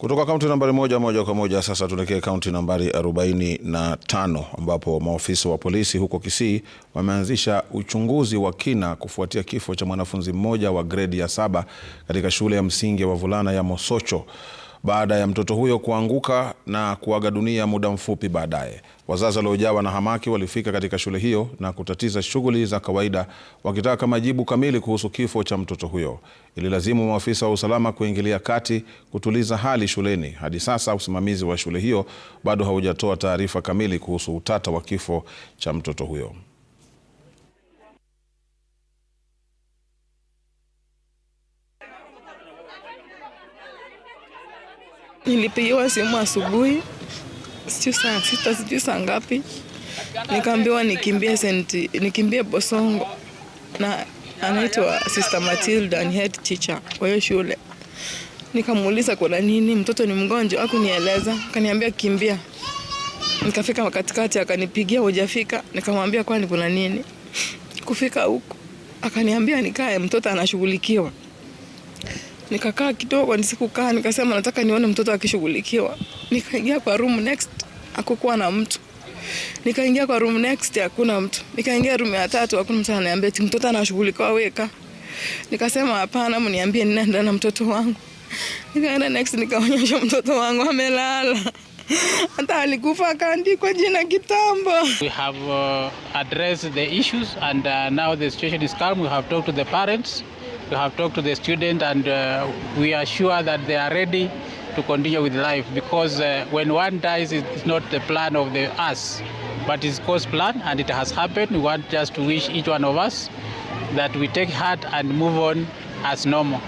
Kutoka kaunti nambari moja moja kwa moja sasa tuelekee kaunti nambari 45 ambapo maofisa wa polisi huko Kisii wameanzisha uchunguzi wa kina kufuatia kifo cha mwanafunzi mmoja wa gredi ya saba katika shule ya msingi ya wavulana ya Mosocho baada ya mtoto huyo kuanguka na kuaga dunia muda mfupi baadaye. Wazazi waliojawa na hamaki walifika katika shule hiyo na kutatiza shughuli za kawaida wakitaka majibu kamili kuhusu kifo cha mtoto huyo. Ililazimu maafisa wa usalama kuingilia kati kutuliza hali shuleni. Hadi sasa usimamizi wa shule hiyo bado haujatoa taarifa kamili kuhusu utata wa kifo cha mtoto huyo. Nilipigiwa simu asubuhi, sijui saa sita, sijui saa ngapi, nikaambiwa nikimbie senti, nikimbie Bosongo na anaitwa Sister Matilda, ni head teacher kwa hiyo shule. Nikamuuliza kuna nini, mtoto ni mgonjwa, akunieleza akaniambia kimbia. Nikafika katikati, akanipigia hujafika, nikamwambia kwani kuna nini. Kufika huku akaniambia nikae, mtoto anashughulikiwa. Nikakaa kidogo, nisikukaa, nikasema nataka nione mtoto akishughulikiwa. Nikaingia kwa room next, akukuwa na mtu. Nikaingia kwa room next, hakuna mtu. Nikaingia room ya tatu, hakuna mtu ananiambia ti mtoto anashughulikiwa, weka. Nikasema hapana, mniambie ninaenda na mtoto wangu. Nikaenda next, nikaonyesha mtoto wangu amelala. Hata alikufa akaandikwa jina kitambo. We have uh, addressed the issues and uh, now the situation is calm. We have talked to the parents. We have talked to the student and uh, we are sure that they are ready to continue with life because uh, when one dies, it's not the plan of the us, but it's God's plan and it has happened. We want just to wish each one of us that we take heart and move on as normal.